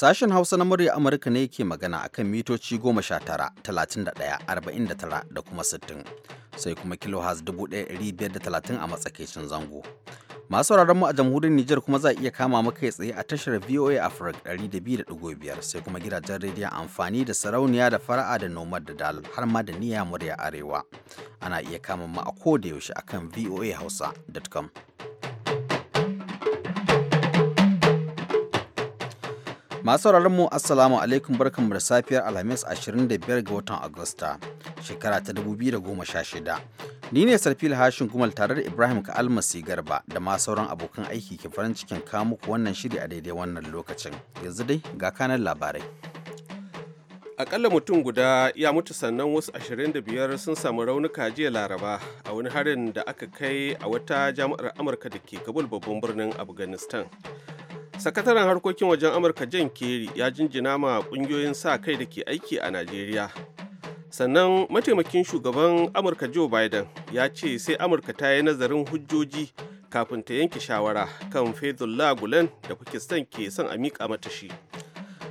Sashen Hausa na murya Amurka ne ke magana akan mitoci 19, 31, 49 da kuma 60, sai kuma kilohaz 1530 a matsakaicin zango. Masu mu a jamhuriyar Nijar kuma za a iya kama maka tsaye a tashar VOA Africa 200.5 sai kuma gidajen rediyon amfani da sarauniya da fara'a da nomad da dal har ma da niyya murya arewa. Ana iya kama ma a koda yaushe akan voahausa.com. Masu sauraron mu Assalamu alaikum mu da safiyar Alhamis 25 ga watan Agusta shekara ta 2016. Ni ne Sarfil Hashin Gumal tare da Ibrahim Ka'almasi Garba da ma sauran abokan aiki ke farin cikin muku wannan shiri a daidai wannan lokacin. Yanzu dai ga kanan labarai. Akalla mutum guda ya mutu sannan wasu 25 sun samu raunuka jiya Laraba a wani harin da aka kai a wata jami'ar Amurka da ke Kabul babban birnin Afghanistan. sakataren harkokin wajen amurka jan kerry ya jinjina ma kungiyoyin sa kai da ke aiki a najeriya sannan mataimakin shugaban amurka joe biden ya ce sai amurka ta yi nazarin hujjoji kafin ta yanke shawara kan faithullah gulen da pakistan ke son a mika mata shi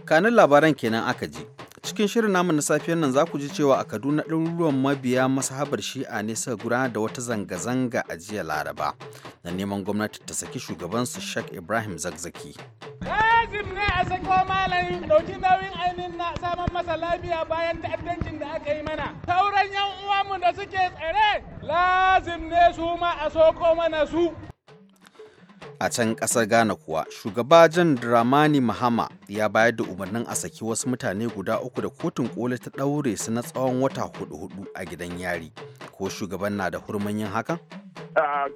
kanin labaran kenan aka ji cikin shirin namu na safiyar nan za ku ji cewa a kaduna ɗaruruwan mabiya masahabar shi'a ne suka gura da wata zanga-zanga a jiya laraba na neman gwamnati ta saki shugaban su shak ibrahim zakzaki lazim ne a sako malami dauki nauyin ainihin na samun masa lafiya bayan ta'addancin da aka yi mana sauran yan uwanmu da suke tsare lazim ne su ma a soko mana su a can ƙasar ghana kuwa shugaba jan dramani mahama ya bayar da umarnin a saki wasu mutane guda uku da kotun koli ta ɗaure su na tsawon wata hudu hudu a gidan yari ko shugaban na da hurman yin haka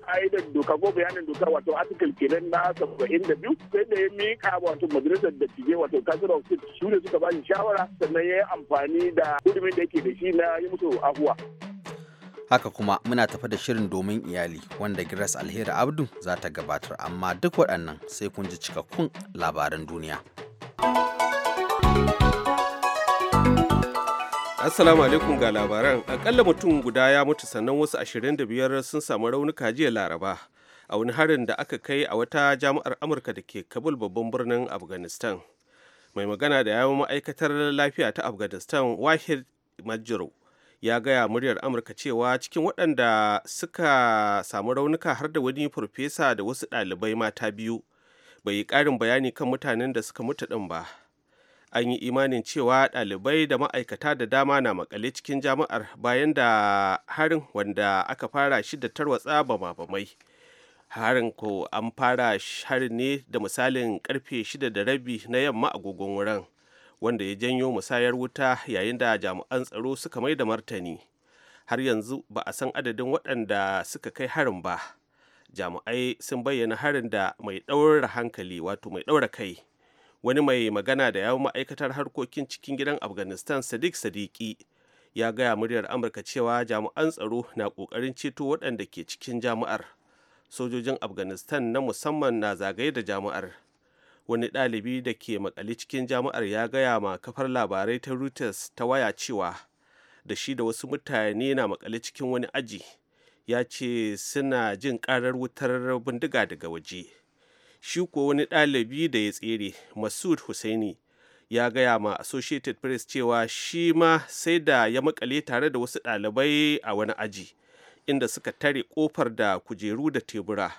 ka'idar doka ko bayanin doka wato article kenan na saba'in da biyu sai da ya mika wato majalisar da cije wato kasar of state su ne suka ba shi shawara sannan ya yi amfani da hurumin da yake da shi na yi musu ahuwa haka kuma muna tafa da shirin domin iyali wanda giras Alheri Abdu za ta gabatar amma duk waɗannan sai kun ji cikakkun labaran duniya. Assalamu alaikum ga labaran akalla mutum guda ya mutu sannan wasu 25 sun samu raunuka jiya laraba a wani harin da aka kai a wata jami'ar Amurka da ke Kabul babban birnin Afghanistan. Mai magana da yawon ma'aikatar lafiya ta Afghanistan Wahid Majiro ya gaya muryar amurka cewa cikin waɗanda suka samu raunuka har da wani farfesa da wasu ɗalibai mata biyu bai yi ƙarin bayani kan mutanen da suka mutu ɗin ba an yi imanin cewa ɗalibai da ma'aikata da dama na makale cikin jami'ar bayan da harin wanda aka fara shi da tarwatsa bama-bamai harin ko an fara harin ne da misalin karfe shida da rabi na yamma agogon wurin wanda ya janyo musayar wuta yayin da jami'an tsaro suka mai da martani har yanzu ba a san adadin waɗanda suka kai harin ba jami'ai sun bayyana harin da mai ɗaura hankali wato mai ɗaura kai wani mai magana da yawon ma'aikatar harkokin cikin gidan afghanistan sadiq sadiki ya gaya muryar amurka cewa jami'an tsaro na ƙoƙarin ceto waɗanda ke cikin jami'ar sojojin afghanistan na musamman na zagaye da jami'ar wani ɗalibi da ke maƙale cikin jami'ar ya gaya ma kafar labarai ta reuters ta waya cewa da shi da wasu mutane na maƙale cikin wani aji ya ce suna jin karar wutar bindiga daga waje shi ko wani ɗalibi da ya tsere masud husaini ya gaya ma associated press cewa shi ma sai da ya makale tare da wasu ɗalibai a wani aji inda suka tare kofar da kujeru da tebura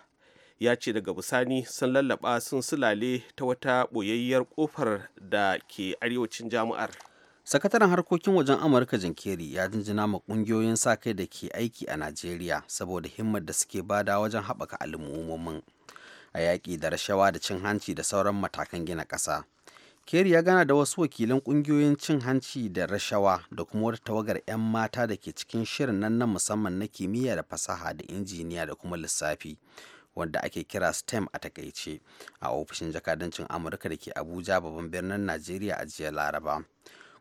ya ce daga bisani sun lallaba sun sulale ta wata boyayyar kofar da ke arewacin jami'ar sakataren harkokin wajen amurka jinkeri ya jinjina ma ƙungiyoyin sa kai da ke aiki a najeriya saboda himmar da suke bada wajen haɓaka al'ummomin a yaƙi da rashawa da cin hanci da sauran matakan gina ƙasa keri ya gana da wasu wakilan kungiyoyin cin hanci da rashawa da kuma wata tawagar 'yan mata da ke cikin shirin nan na musamman na kimiyya da fasaha da injiniya da kuma lissafi wanda ake kira stem a takaice a ofishin jakadancin amurka da ke abuja babban birnin najeriya a jiya laraba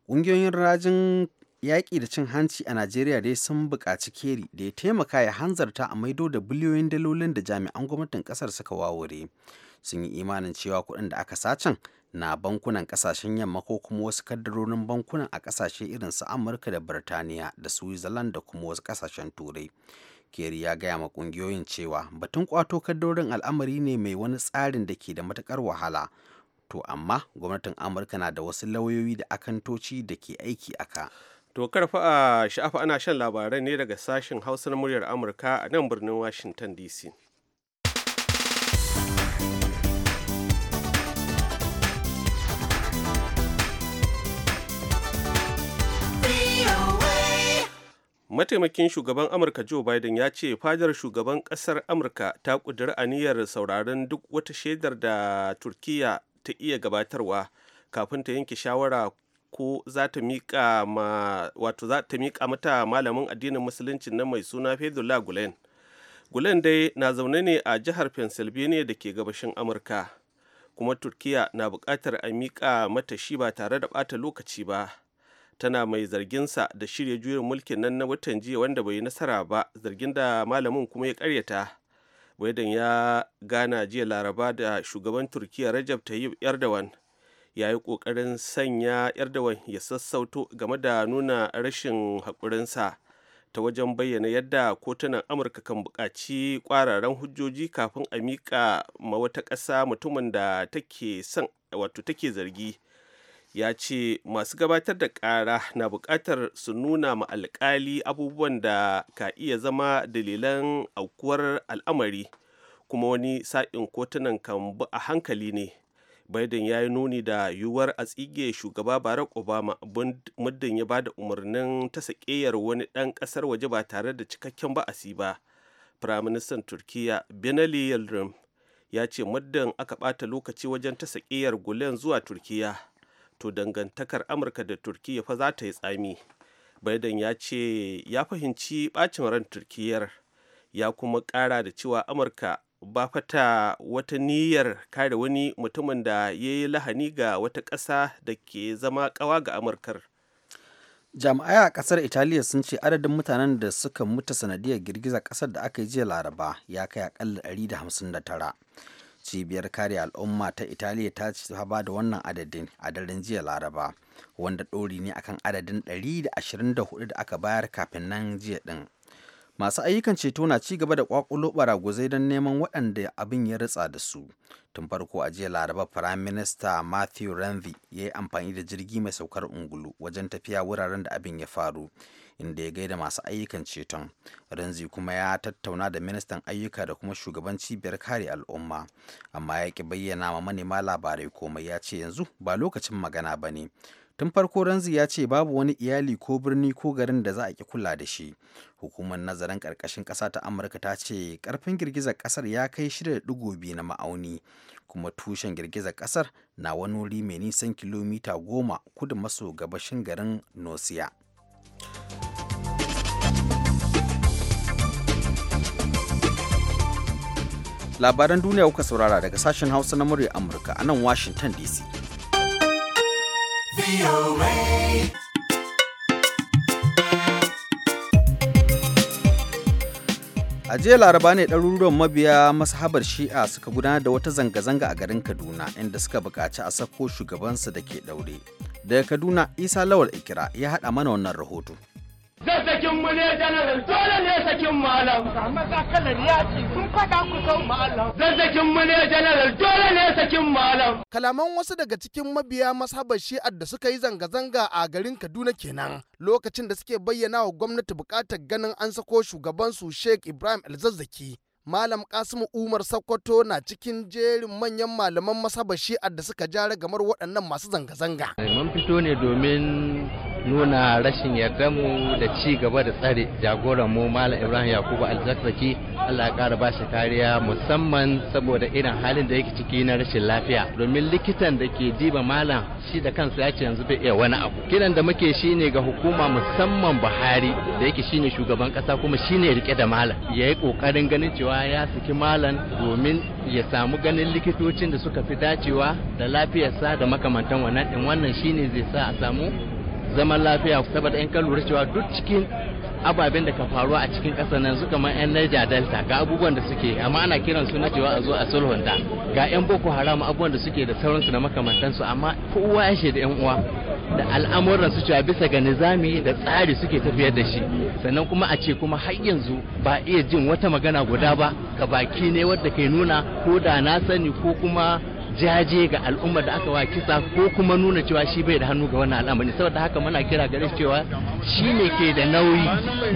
ƙungiyoyin rajin yaƙi da cin hanci a najeriya dai sun buƙaci keri da ya taimaka ya hanzarta a maido da biliyoyin dalolin da jami'an gwamnatin ƙasar suka wawure sun yi imanin cewa kuɗin da aka sacen na bankunan ƙasashen yamma ko kuma wasu kaddarorin bankunan a ƙasashe irin su amurka da birtaniya da switzerland da kuma wasu kasashen turai Kerry ya gaya ma kungiyoyin cewa batun kwato kadorin al'amari ne mai wani tsarin da ke da matukar wahala. To amma gwamnatin Amurka na da wasu lauyoyi da akantoci da ke aiki aka. To karfa a sha'afa ana shan labarai ne daga sashen Hausa na muryar Amurka a nan birnin Washington DC. mataimakin shugaban amurka joe biden ya ce fadar shugaban kasar amurka ta ƙudiri aniyar sauraron duk wata shaidar da turkiya ta iya gabatarwa kafin ta yanke shawara ko za ta miƙa mata malamin addinin musulunci na mai suna fedullah gulen gulen dai na zaune ne a jihar pennsylvania da ke gabashin amurka kuma turkiya na bukatar a miƙa mata shi ba tare da ɓata lokaci ba tana mai zarginsa da shirya juyin mulkin nan na watan jiya wanda bai yi nasara ba zargin da malamin kuma ya karyata biden ya gana jiya laraba da shugaban turkiya rajab tayyip erdogan ya yi ƙoƙarin sanya erdogan ya sassauto game da nuna rashin sa ta wajen bayyana yadda kotunan amurka kan buƙaci ƙwararren hujjoji kafin a miƙa ma wata ƙasa mutumin da take son wato take zargi ya ce masu gabatar da ƙara na buƙatar su nuna ma alƙali abubuwan da ka iya zama dalilan aukuwar al'amari kuma wani sa'in kotunan kan bu a hankali ne biden ya yi nuni da yiwuwar a tsige shugaba barack obama muddin ya ba da umarnin ta sakeyar wani ɗan ƙasar waje ba tare da cikakken ba'asi ba firaministan turkiya binali yildirim ya ce muddin aka ɓata lokaci wajen ta sakeyar gulen zuwa turkiya wato dangantakar amurka da turkiya fa za ta yi tsami biden ya ce ya fahimci bacin ran turkiyar ya kuma kara da cewa amurka ba fata wata niyyar kare wani mutumin da ya yi lahani ga wata ƙasa da ke zama ƙawa ga amurkar jami'ai a ƙasar italiya sun ce adadin mutanen da suka mutu sanadiyar girgizar ƙasar da aka yi jiya laraba ya kai aƙalla 159 cibiyar kare al'umma ta italiya ta ce da wannan adadin a daren jiya laraba wanda ɗori ne akan adadin 124 da aka bayar kafin nan jiya ɗin masu ayyukan ceto na ci gaba da kwakulo baraguzai don neman waɗanda abin ya ritsa da su tun farko a jiya laraba firayim minista matthew renzi ya yi amfani da jirgi mai saukar ungulu wajen tafiya wuraren da abin ya faru inda ya gaida masu ayyukan ceton renzi kuma ya tattauna da ministan ayyuka da kuma shugaban cibiyar kare al'umma amma ya ki bayyana ma manema labarai komai ya ce yanzu ba lokacin magana ba ne tun farko ranzi ya ce babu wani iyali ko birni ko garin da za a ki kula da shi hukumar nazarin karkashin ƙasa ta amurka ta ce karfin girgizar ƙasar ya kai shida biyu na ma'auni kuma tushen girgizar ƙasar na wani wuri mai nisan kilomita goma kudu maso gabashin garin nosiya labaran duniya kuka saurara daga sashen hausa na murya amurka a nan washington dc a jiya laraba ne ɗaruruwan mabiya masahabar shi'a suka gudanar da wata zanga-zanga a garin kaduna inda suka buƙaci a sako shugabansu da ke ɗaure daga kaduna isa lawal ikira ya haɗa mana wannan rahoto zai sakin mu ne janaral dole ne sakin malam matsalar ya ce sun faɗa ku sau malam zai sakin mu ne janaral dole ne sakin malam kalaman wasu daga cikin mabiya mashabar shi'ar da suka yi zanga-zanga a garin kaduna kenan lokacin da suke bayyana wa gwamnati buƙatar ganin an sako shugabansu sheikh ibrahim alzazzaki Malam Kasimu Umar Sokoto na cikin jerin manyan malaman masaba shi'ar da suka ja ragamar waɗannan masu zanga-zanga. Mun fito ne domin nuna rashin mu da ci gaba da tsare jagoran mu malam ibrahim yakubu alzakzaki allah ya kara ba shi kariya musamman saboda irin halin da yake ciki na rashin lafiya domin likitan da ke diba malam shi da kansa ya ce yanzu bai iya wani abu kiran da muke shi ne ga hukuma musamman buhari da yake shine shugaban kasa kuma shine rike da malam ya yi kokarin ganin cewa ya saki malam domin ya samu ganin likitocin da suka fi dacewa da lafiyarsa da makamantan wannan din wannan shine zai sa a samu zaman lafiya saboda in ka lura cewa duk cikin ababen da ka faruwa a cikin ƙasar nan su kamar 'yan Niger Delta ga abubuwan da suke amma ana kiran su na cewa a zo a sulhunta ga 'yan Boko Haram abubuwan da suke da sauransu da makamantansu amma kowa ya shaida 'yan uwa da al'amuran su cewa bisa ga nizami da tsari suke tafiyar da shi sannan kuma a ce kuma har yanzu ba iya jin wata magana guda ba ka baki ne wadda kai nuna ko da na sani ko kuma jaje ga al'umma da aka wa kisa ko kuma nuna cewa shi bai da hannu ga wannan al'amari saboda haka muna kira gare cewa shi ne ke da nauyi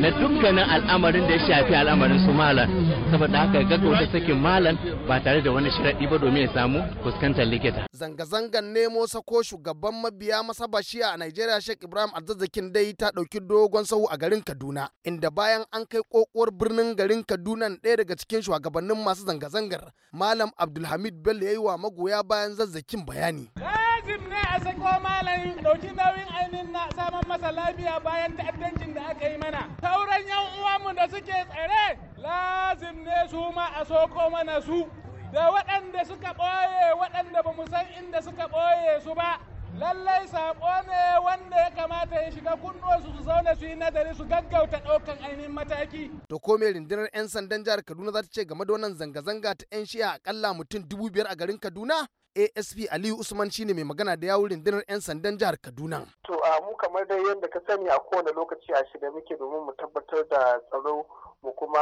na dukkanin al'amarin da ya shafi al'amarin su malam saboda haka gaggauta sakin malam ba tare da wani shiradi ba domin ya samu fuskantar likita zanga-zangan nemo sako shugaban mabiya masaba shi'a a Najeriya Sheikh Ibrahim Azzazakin dai ta dauki dogon sahu a garin Kaduna inda bayan an kai kokowar birnin garin Kaduna ɗaya daga cikin shugabannin masu zanga-zangar malam Abdulhamid Bello ya wa magoya ya bayan zazzakin bayani. Wajib ne a sako malami ɗauki nauyin ainihin na samun masa lafiya bayan ta'addancin da aka yi mana. Sauran yan uwanmu da suke tsare lazim ne su ma a soko mana su. Da waɗanda suka ɓoye waɗanda ba san inda suka ɓoye su ba lallai saƙo ne wanda ya kamata ya shiga kunnuwarsu su zauna su yi nazari su gaggauta ɗaukan ainihin mataki. To ko mai rundunar 'yan sandan jihar Kaduna za ta ce game da wannan zanga-zanga ta 'yan shiya akalla mutum dubu biyar a garin Kaduna? ASP Aliyu Usman shine mai magana da yawun rundunar 'yan sandan jihar Kaduna. To a mu kamar dai yadda ka sani a kowane lokaci a shiga muke domin mu tabbatar da tsaro mu kuma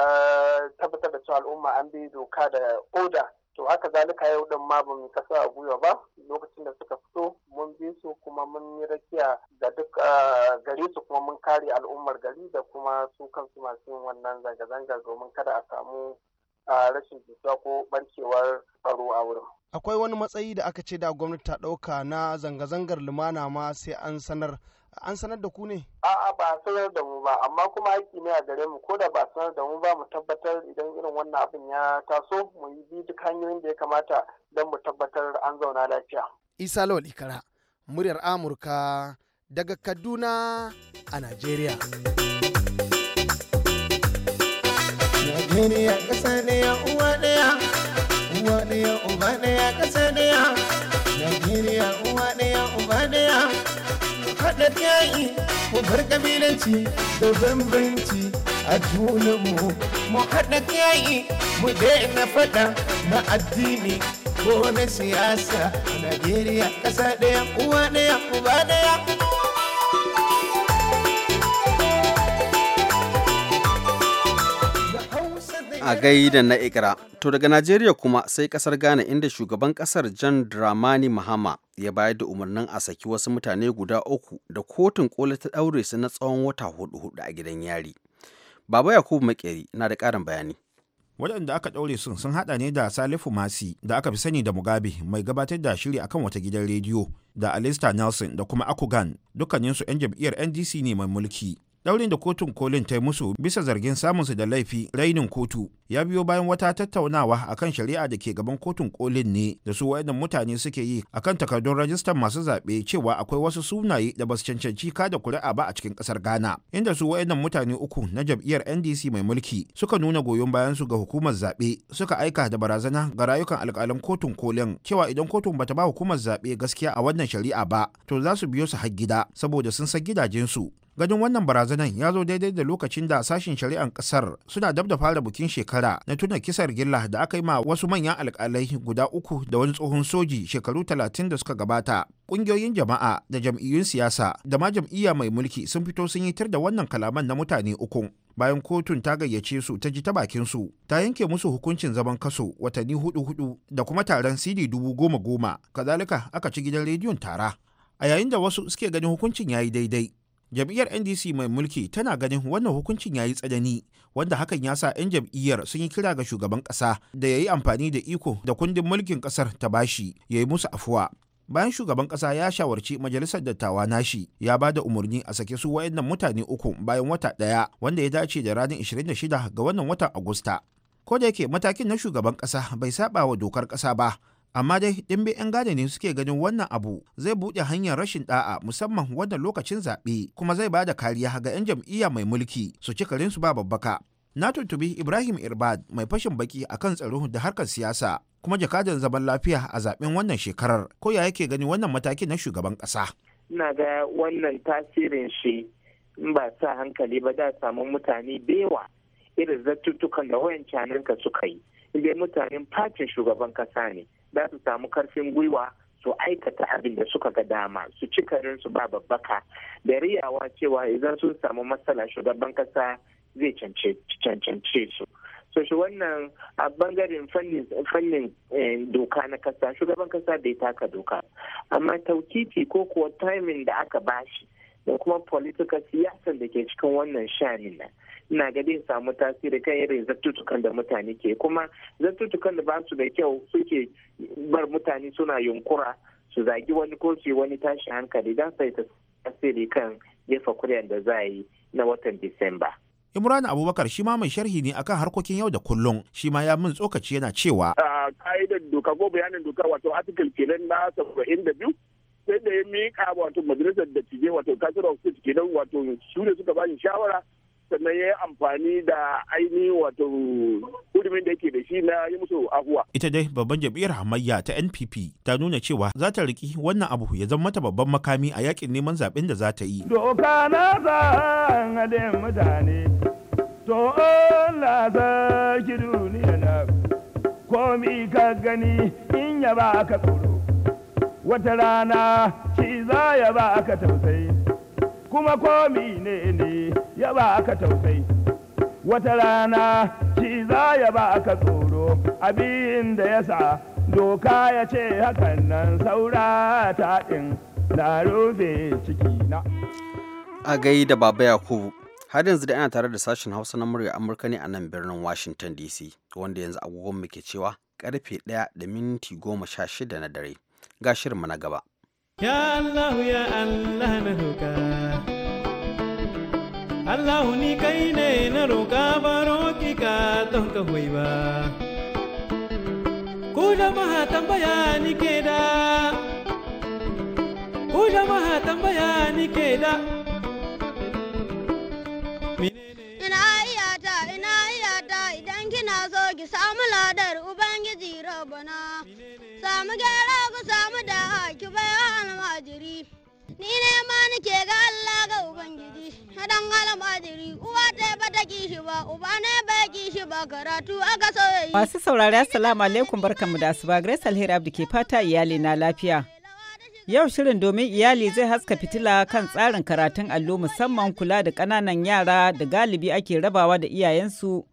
eh, tabbatar da cewa al'umma an bi doka da oda to haka zalika yau din ma ba mu kasa a gwiwa ba lokacin da suka fito mun bi su kuma mun yi rakiya ga duk gare su kuma mun kare al'ummar gari da kuma su kansu masu yin wannan zanga-zanga domin kada a samu rashin jituwa ko barkewar tsaro a wurin. Akwai wani matsayi da aka ce da gwamnati ta ɗauka na zanga-zangar lumana ma sai an sanar an sanar da ku ne? A'a ba sanar da mu ba amma kuma aiki ne a gare mu ko da ba sanar da mu ba mu tabbatar idan irin wannan abin ya taso mu yi bi duk hanyoyin da ya kamata don mu tabbatar an zauna lafiya. Isa Lawal Ikara, muryar Amurka daga Kaduna a Najeriya. Najeriya ƙasa uwa ɗaya, uwa ɗaya uba ɗaya ƙasa ɗaya. faɗaɗ yaƙi mu bar ƙabilanci da bambanci a junanmu mu haɗa yaƙi mu daina faɗa na addini ko na siyasa a Najeriya ƙasa ɗaya uwa ɗaya uba ɗaya. a gaida na ikra to daga najeriya kuma sai kasar ghana inda shugaban kasar john dramani mahama ya bayar da umarnin a saki wasu mutane guda uku da kotun kola ta daure su na tsawon wata hudu hudu a gidan yari baba yakubu makeri na da karin bayani waɗanda aka ɗaure sun sun haɗa ne da salifu masi da aka fi sani da mugabe mai gabatar da shiri akan wata gidan rediyo da alista nelson da kuma akugan dukkaninsu 'yan jam'iyyar ndc ne mai mulki daurin da kotun kolin ta yi musu bisa zargin samunsu da laifi rainin kotu ya biyo bayan wata tattaunawa akan shari'a da ke gaban kotun kolin ne da su wayannan mutane suke yi akan takardun rajistan masu zaɓe cewa akwai wasu sunaye da basu cancanci ka da kuri'a ba a cikin ƙasar ghana inda su waɗannan mutane uku na jam'iyyar ndc mai mulki suka nuna goyon bayan su ga hukumar zaɓe suka aika da barazana ga rayukan alƙalan kotun kolin cewa idan kotun bata ba hukumar zaɓe gaskiya a wannan shari'a ba to za su biyo su har gida saboda sun san gidajensu ganin wannan barazanan ya zo daidai da lokacin da sashen shari'an kasar suna dab da fara bukin shekara na tuna kisar gilla da aka yi ma wasu manyan alkalai guda uku da wani tsohon soji shekaru talatin da suka gabata ƙungiyoyin jama'a da jam'iyyun siyasa da ma jam'iyya mai mulki sun fito sun yi tar da wannan kalaman na mutane uku bayan kotun ta gayyace su ta ji ta bakin su ta yanke musu hukuncin zaman kaso watanni hudu hudu da kuma taron cd dubu goma goma kazalika aka ci gidan rediyon tara a yayin da wasu suke ganin hukuncin ya yi daidai jam'iyyar ndc mai mulki tana ganin wannan hukuncin ya yi tsanani wanda hakan ya sa 'yan jam'iyyar sun yi kira ga shugaban ƙasa da ya yi amfani da iko da kundin mulkin ƙasar ta bashi ya yi musu afuwa bayan shugaban ƙasa ya shawarci majalisar dattawa nashi ya ba da umarni a sake su wayannan mutane uku bayan wata ɗaya wanda ya dace da ranar 26 ga wannan watan agusta ko da yake matakin na shugaban ƙasa bai saba wa dokar ƙasa ba amma dai dimbe 'yan gane ne suke ganin wannan abu zai buɗe hanyar rashin da'a musamman wannan lokacin zaɓe kuma zai ba da kariya ga 'yan jam'iyya mai mulki su ci su ba babbaka na tuntubi ibrahim irbad mai fashin baki akan tsaro da harkar siyasa kuma jakadan zaman lafiya a zaɓen wannan shekarar ko ya yake ganin wannan mataki na shugaban kasa ina ga wannan tasirin shi in ba sa hankali ba da samu mutane bewa irin zattutukan da canin ka suka yi in dai mutanen fatin shugaban ƙasa ne za su samu karfin gwiwa su aikata abin da suka ga dama su ci su ba babbaka da riyawa cewa idan sun samu matsala shugaban kasa zai cancance su so shi wannan a bangaren fannin eh, doka na kasa shugaban kasa bai taka doka amma taukiti ko kuwa timing da aka bashi da kuma political siyasan da ke cikin wannan shanin nan na ga zai samu tasiri kan irin zattutukan da mutane ke kuma zattutukan da ba su da kyau suke bar mutane suna yunkura su zagi wani ko su wani tashi hankali don sai ta tasiri kan jefa kuryan da za a yi na watan disamba. Imran Abubakar shi ma mai sharhi ne akan harkokin yau da kullum shi ma ya min tsokaci yana cewa. A ka'idar doka ko bayanin doka wato article kenan na saba'in da biyu sai da ya miƙa wato majalisar da cije wato kasuwar ofis kenan wato su ne suka ba shawara sannan ya yi amfani da ainihin wato hudumin da yake da shi na yi musu ahuwa. Ita dai babban jam'iyyar hamayya ta NPP ta nuna cewa za ta riki wannan abu ya zama mata babban makami a yakin neman zaɓen da za ta yi. Doka na zan mutane, to duniya na komi ka gani in ya ba ka tsoro, wata rana shi za ya ba ka tausayi, kuma komi ne ne ya ba aka tausayi wata rana shi za ya ba aka tsoro abin da ya sa doka ya ce hakan nan saura taɗin ɗin na rufe ciki na a gai da baba yakubu har yanzu da ana tare da sashen hausa na murya amurka ne a nan birnin washington dc wanda yanzu agogon mu ke cewa karfe 1 da minti goma sha shida na dare ga shirin na gaba ya allah ya allah na doka Allah ni kai ne na roƙa baro ki ka don ka hoyi ba. Ku jama'a tambaya ni ke da, ku jama'a tambaya ni ke da. Ina iyata, ina iyata idan kina so ki samu ladar Ubangiji rabana, samu gyara ni ne ma nake ga Allah ga Ubangiji na almajiri uwa ta ba ta kishi ba uba ne bai kishi ba karatu aka masu saurari assalamu alaikum barkanmu da asuba Grace Alheri Abdi ke fata iyali na lafiya Yau shirin domin iyali zai haska fitila kan tsarin karatun allo musamman kula da ƙananan yara da galibi ake rabawa da iyayensu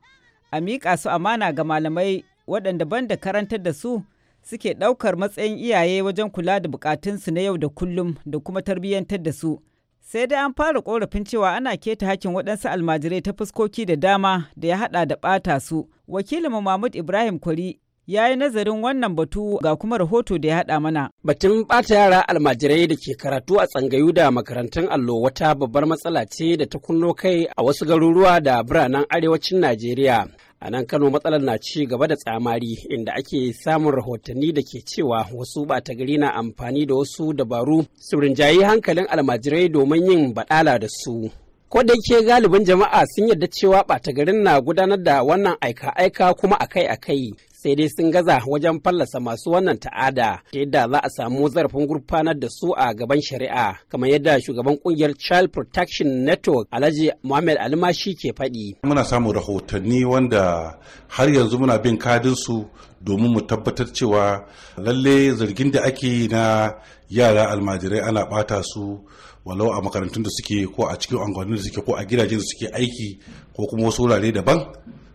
a miƙa su amana ga malamai waɗanda da karantar da su suke ɗaukar matsayin iyaye wajen kula da bukatunsu na yau da kullum da kuma tarbiyyantar da su. Sai dai an fara korafin cewa ana keta hakkin waɗansu almajirai ta fuskoki da dama da ya haɗa da ɓata su. Wakilin Mahmud Ibrahim Kwari ya yi nazarin wannan batu ga kuma rahoto da ya haɗa mana. Batun ɓata yara almajirai da ke karatu a tsangayu da makarantun allo wata babbar matsala ce da ta kunno kai a wasu garuruwa da biranen arewacin Najeriya. A nan Kano matsalar na ci gaba da tsamari inda ake samun rahotanni da ke cewa wasu ɓata gari na amfani da wasu dabaru su rinjayi hankalin almajirai domin yin baɗala da su. ko da galibin jama'a sun yarda cewa ɓata garin na gudanar da wannan aika-aika kuma akai-akai sai dai sun gaza wajen fallasa masu wannan ta'ada ta yadda za a samu zarafin gurfanar da su a gaban shari'a kamar yadda shugaban kungiyar child protection network alhaji muhammad alimashi ke faɗi. muna samun rahotanni wanda har yanzu muna bin kadin su domin mu tabbatar cewa lalle zargin da ake na yara almajirai ana ɓata su walau a makarantun da suke ko a cikin unguwannin da suke ko a gidajen da suke aiki ko kuma wasu wurare daban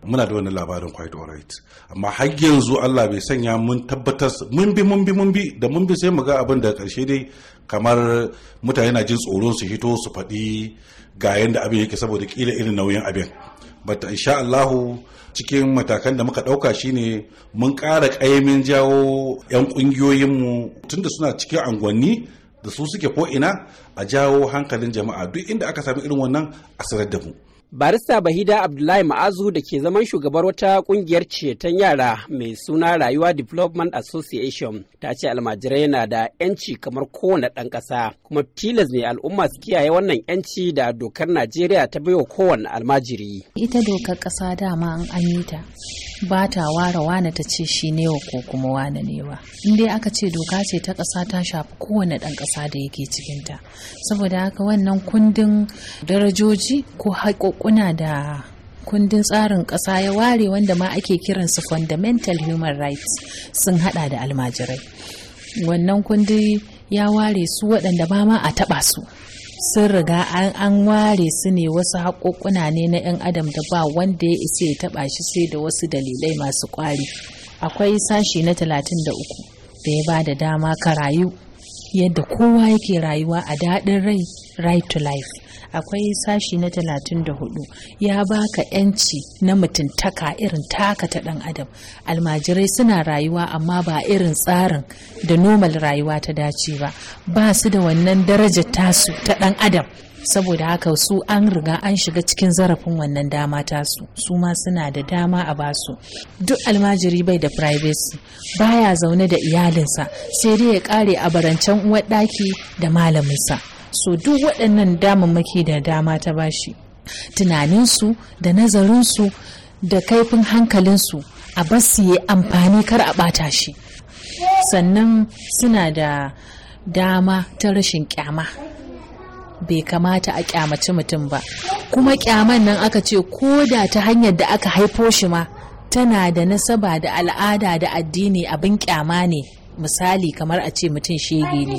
muna da wannan labarin quite alright amma har yanzu Allah bai sanya mun tabbatar mun bi mun bi mun bi da mun bi sai mu ga abin da karshe dai kamar mutane na jin tsoron su hito su faɗi ga yanda abin yake saboda kila irin nauyin abin bata insha Allah cikin matakan da muka ɗauka shine mun ƙara ƙayamin jawo 'yan ƙungiyoyinmu tunda suna cikin angwanni da su suke ko ina a jawo hankalin jama'a duk inda aka sami irin wannan a sanar da mu barista bahida abdullahi ma'azu da ke zaman shugabar wata kungiyar ceton yara mai suna rayuwa development association ta ce almajirai yana da yanci kamar kowane ɗan ƙasa kuma tilas ne al'umma su kiyaye wannan yanci da dokar najeriya ta baiwa kowane almajiri ita dokar ƙasa dama an an yi ta ba ta ware wane ta ce shi ne wa ko kuma wane ne wa in dai aka ce doka ce ta ƙasa ta shafi kowane ɗan ƙasa da yake cikinta saboda haka wannan kundin darajoji ko haƙoƙi kuna da kundin tsarin ƙasa ya ware wanda ma ake kiransu fundamental human rights sun hada da almajirai wannan kundi ya ware su waɗanda ba ma a taɓa su sun riga an ware su ne wasu haƙoƙuna ne na 'yan adam da ba wanda ya isa ya taɓa shi sai da wasu dalilai masu ƙwari akwai sashi na 33 da ya ba da dama ka rayu yadda kowa yake rayuwa a daɗin rai right to life akwai sashi na 34 ya baka yanci na mutuntaka irin taka ta dan adam almajirai suna rayuwa amma ba irin tsarin da normal rayuwa ta dace ba ba su da wannan darajar tasu ta dan adam saboda haka su an riga an shiga cikin zarafin wannan dama tasu su ma suna da dama a basu duk almajiri bai da privacy baya zaune da iyalinsa sai dai ya kare a barancen uwar daki da malaminsa so duk waɗannan damammaki da dama ta bashi tunaninsu da nazarinsu da kaifin hankalinsu a basu yi amfani kar a ɓata shi sannan suna da dama ta rashin kyama bai kamata a kyamaci mutum ba kuma kyaman nan aka ce ko da ta hanyar da aka haifo shi ma tana da nasaba da al'ada da addini abin kyama ne misali kamar a ce mutum shege ne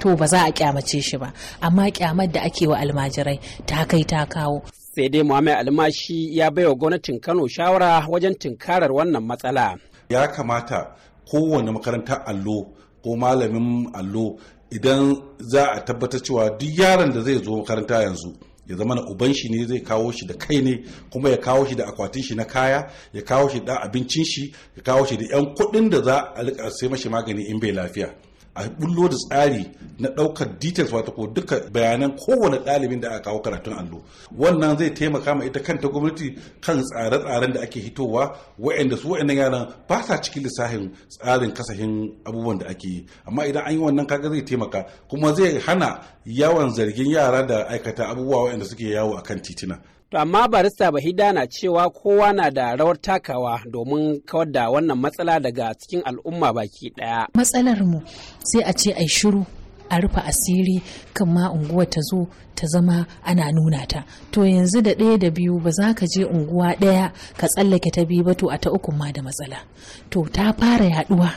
to ba za a kyamace shi ba amma kyamar da ake wa almajirai ta kai ta kawo sai dai muhammed almashi ya baiwa gwamnatin kano shawara wajen tinkarar wannan matsala ya kamata kowane makarantar allo ko malamin allo idan za a tabbatar cewa duk yaron da zai zo makaranta yanzu ya zama na uban shi ne zai kawo shi da kai ne kuma ya kawo shi da akwatin shi na kaya ya kawo shi da abincin shi ya kawo shi da yan kuɗin da za a sai mashi magani in bai lafiya a bullo da tsari na ɗaukar details wata ko duka bayanan kowane ɗalibin da aka kawo karatun allo wannan zai taimaka ma ita kanta gwamnati kan tsare-tsaren da ake hitowa wa'anda su wa'annan yaran ba sa cikin lissafin tsarin kasahin abubuwan da ake yi amma idan an yi wannan kaga zai taimaka kuma zai hana yawan zargin yara da aikata abubuwa wa'anda suke yawo a kan titina To amma barista Bahida na cewa kowa na da rawar takawa domin kawar da wannan matsala daga cikin al'umma baki daya. Matsalar mu sai a ce ai shiru a rufe asiri kan ma unguwa ta zo ta zama ana nuna ta to yanzu da ɗaya da biyu ba za ka je unguwa ɗaya ka tsallake ta biyu ba to a ta uku ma da matsala to ta fara yaduwa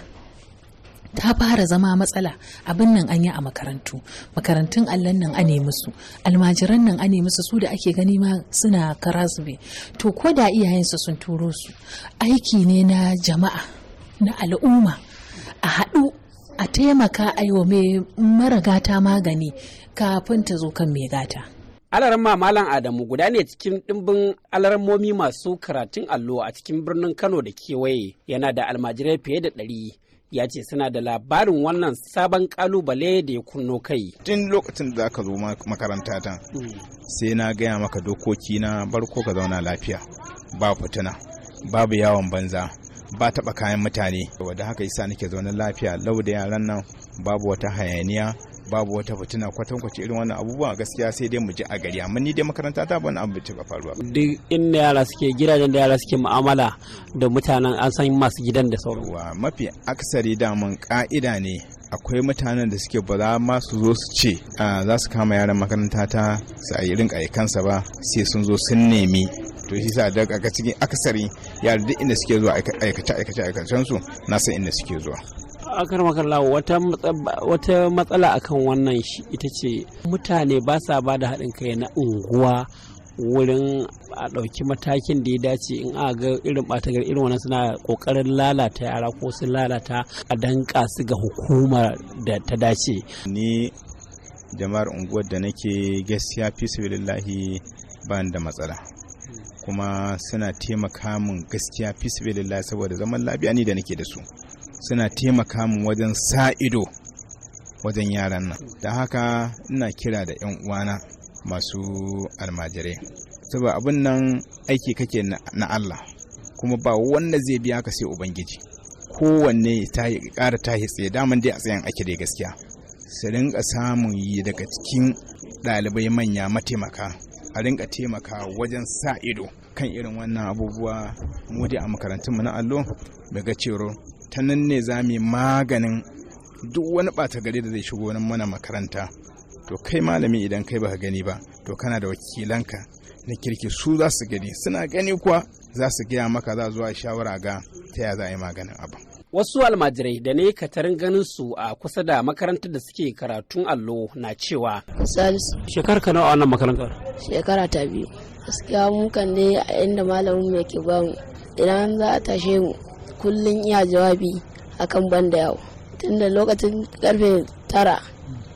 ta fara zama matsala abin nan an yi a makarantu makarantun allon nan ane musu almajiran nan ane musu su da ake gani ma suna karasbe to ko da iyayensu sun turo su aiki ne na jama'a na al'umma a haɗu a taimaka aiwa mai mara gata magani kafin ta zo kan mai gata alaran malam adamu guda ne cikin ɗimbin momi masu karatun allo a cikin birnin kano da kewaye yana da almajirai fiye da ɗari ya ce suna da labarin wannan sabon kalubale da ya kunno kai. Tun lokacin da aka zo makaranta ta hmm. sai na gaya maka dokoki na barko ka zauna lafiya ba fituna, babu yawon banza ba taɓa kayan mutane wadda haka yasa nake zaune lafiya lau da yaran nan babu wata hayaniya babu wata fitina kwatankwaci irin wannan abubuwa gaskiya sai dai mu ji a gari amma ni dai makaranta ta bani abu ba faruwa duk inda yara suke gidajen da yara suke mu'amala da mutanen an san masu gidan da sauran mafi aksari mun ka'ida ne akwai mutanen da suke ba za ma su zo su ce za su kama yaran makaranta ta su a yi kansa ba sai sun zo sun nemi to shi sa da ga cikin aksari yara duk inda suke zuwa aikace aikace aikacen su na san inda suke zuwa akar makalla wata matsala akan wannan shi ita ce mutane ba sa ba da haɗin kai na unguwa wurin a ɗauki matakin da ya dace in a ga irin ɓatagar irin wannan suna ƙoƙarin lalata yara ko sun lalata a danƙa su ga hukumar da ta dace ni jama'ar unguwar da nake gaskiya fi sabilillahi ba da matsala kuma suna taimaka min gaskiya fi sabilillahi saboda zaman lafiya ni da nake da su suna taimaka mu wajen sa ido wajen yaran nan da haka ina kira da 'yan uwana masu almajirai saboda abin nan aiki kake na Allah kuma ba wanda zai biya ka sai ubangiji kowanne ta ƙara ta yi tsaye daman dai a tsayin ake dai gaskiya su rinka samun yi daga cikin ɗalibai manya mataimaka a rinka taimaka wajen sa ido kan irin wannan abubuwa mu dai a makarantunmu na allo daga cewar ta nan ne za mu yi maganin duk wani ɓata gari da zai shigo nan mana makaranta to kai malami idan kai baka gani ba to kana da wakilanka na kirki su za su gani suna gani kuwa za su gaya maka za zuwa shawara ga ta ya za a yi maganin abu wasu almajirai da ne katarin ganin su a kusa da makarantar da suke karatun allo na cewa salisu shekar ka nawa wannan makarantar shekara ta biyu gaskiya mukan ne a inda malamin mu ke ba mu idan za a tashe mu kullum iya jawabi akan ban da yau tunda lokacin karfe tara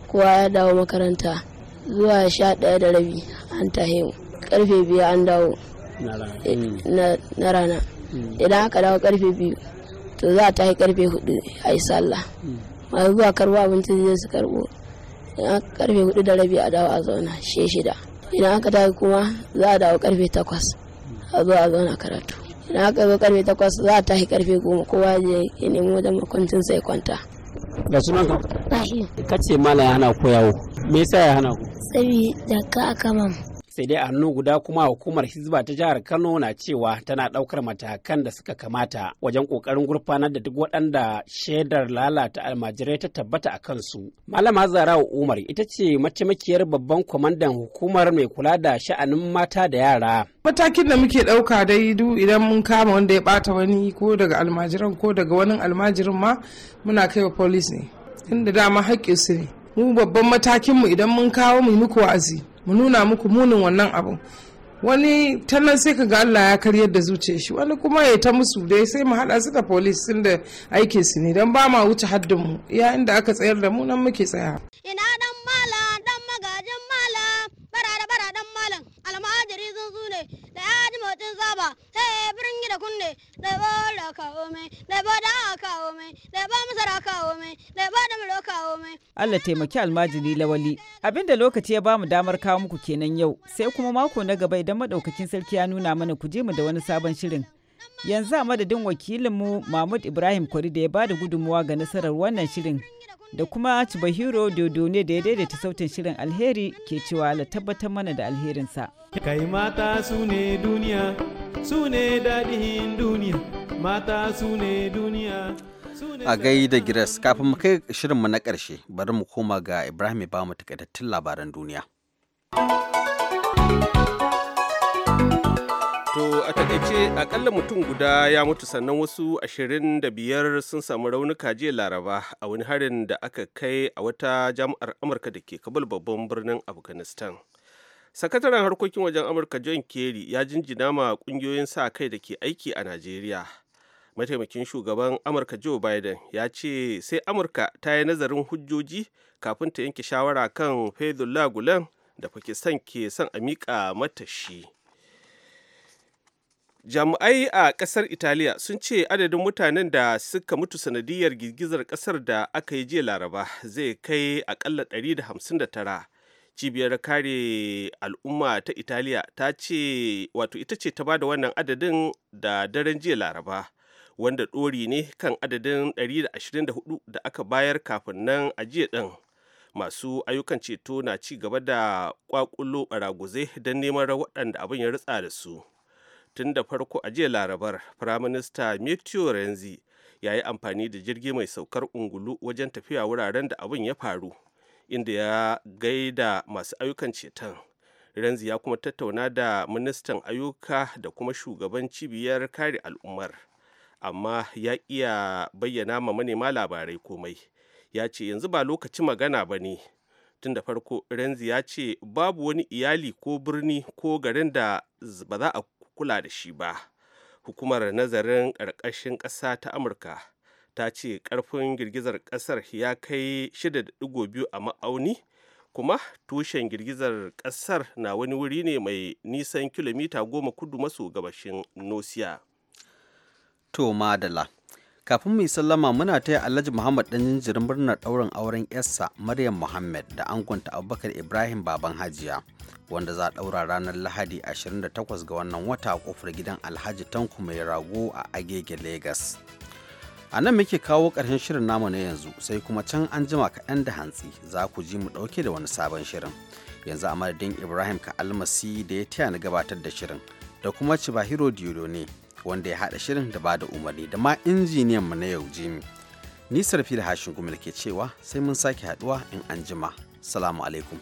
kowa ya dawo makaranta zuwa sha ɗaya da rabi an tahe karfe biyu an dawo na rana eh, hmm. hmm. idan aka dawo karfe biyu to za a tahi karfe hudu a yi sallah hmm. masu zuwa karbo abinci zai su karbo idan karfe hudu da rabi a dawo a zauna shida idan aka tahi kuma za a dawo karfe takwas a zo a zauna karatu idan aka zo karfe takwas za a tashi karfe goma kowa je ya nemo wajen makwancin sai kwanta ga sunan ka ka ce mala ya hana koyawo me yasa ya hana ku sabi da ka aka mamu sai dai a hannu guda kuma hukumar hizba ta jihar kano na cewa tana daukar matakan da suka kamata wajen kokarin gurfanar da duk waɗanda shaidar lalata almajirai ta tabbata a kansu malama zarawa umar ita ce mataimakiyar babban kwamandan hukumar mai kula da sha'anin mata da yara matakin da muke ɗauka dai du idan mun kama wanda ya ɓata wani ko daga almajiran ko daga wani almajirin ma muna kai wa polis ne inda dama haƙƙinsu ne mu babban matakinmu idan mun kawo mu yi muku wa'azi mu nuna muku munin wannan abu wani tanan sai ka ga Allah ya karyar da zuce shi wani kuma ya ta musu dai sai mu haɗa su da polis sun da aikinsu ne don ba ma wuce haddin mu iya inda aka tsayar da mu nan muke tsaya ina jiri tsuntsu ne da ya ji motsin zaba sai birni da kunne da ba da kawo mai da ba da kawo mai da ba masara kawo mai da ba da mulo kawo mai Allah taimaki almajiri lawali abinda lokaci ya ba mu damar kawo muku kenan yau sai kuma mako na gaba idan madaukakin sarki ya nuna mana ku je mu da wani sabon shirin yanzu a madadin wakilinmu mahmud ibrahim kwari da ya ba da gudunmuwa ga nasarar wannan shirin da kuma Chibahiro Dodo ne da ya daidaita sautin shirin alheri ke cewa la tabbatar mana da alherinsa. Kai mata su ne duniya, su ne daɗin duniya, mata su ne duniya. A gai da giras kafin mu kai shirin mu na ƙarshe, bari mu koma ga Ibrahim ba mu takaitattun labaran duniya. ce akalla mutum guda ya mutu sannan wasu 25 sun samu raunuka jiya laraba a wani harin da aka kai a wata jami'ar amurka da ke kabul babban birnin afghanistan sakataren harkokin wajen amurka john kerry ya jinjina ma kungiyoyin sa kai da ke aiki a najeriya mataimakin shugaban amurka joe biden ya ce sai amurka ta yi nazarin hujjoji kafin ta yanke shawara kan da pakistan ke son a miƙa mata shi jami'ai a ƙasar italiya sun ce adadin mutanen da suka mutu sanadiyar girgizar ƙasar da aka yi jiya laraba zai kai akalla 159 cibiyar kare al'umma ta italiya ta ce wato ita ce ta bada wannan adadin da daren jiya laraba wanda ɗori ne kan adadin 124 da aka bayar kafin nan a jiya ɗin masu ayyukan ceto na ci gaba da kwakulo baraguzai don neman waɗanda abin ya ritsa da su tun da farko a jiya larabar firaminista Matteo Renzi ya yi amfani da jirgi mai saukar ungulu wajen tafiya wuraren da abin ya faru inda ya gaida masu ayyukan ceton renzi ya kuma tattauna da ministan ayyuka da kuma shugaban cibiyar kare al'ummar amma ya iya bayyana ma manema labarai komai ya ce yanzu ba lokaci magana ba ne tun da farko renzi ya ce babu wani iyali ko birni ko garin da ba za a kula da shi ba hukumar nazarin ƙarƙashin ƙasa ta amurka ta ce ƙarfin girgizar ƙasar ya kai 6.2 a ma'auni kuma tushen girgizar ƙasar na wani wuri ne mai nisan kilomita goma kudu maso gabashin nosiya to madala kafin mu yi sallama muna taya alhaji muhammad dan jinjirin murnar ɗaurin auren yarsa maryam muhammad da angonta abubakar ibrahim baban hajiya wanda za a ɗaura ranar lahadi 28 ga wannan wata kofar gidan alhaji tanku mai rago a agege lagos a nan muke kawo ƙarshen shirin namu na yanzu sai kuma can an jima kaɗan da hantsi za ku ji mu ɗauke da wani sabon shirin yanzu a madadin ibrahim ka almasi da ya taya ni gabatar da shirin da kuma cibahiro diodo ne wanda ya haɗa shirin da ba da umarni da ma injiniyan mu na yau jimi nisar da hashin gumil ke cewa sai mun sake haɗuwa in anjima salamu alaikum